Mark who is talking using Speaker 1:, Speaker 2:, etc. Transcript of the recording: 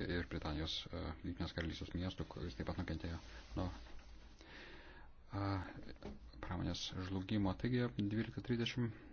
Speaker 1: reikia ir Britanijos e, Junktinės karalystės miestų, kuris taip pat nukentėjo nuo e, pramonės žlugimo. Taigi 12.30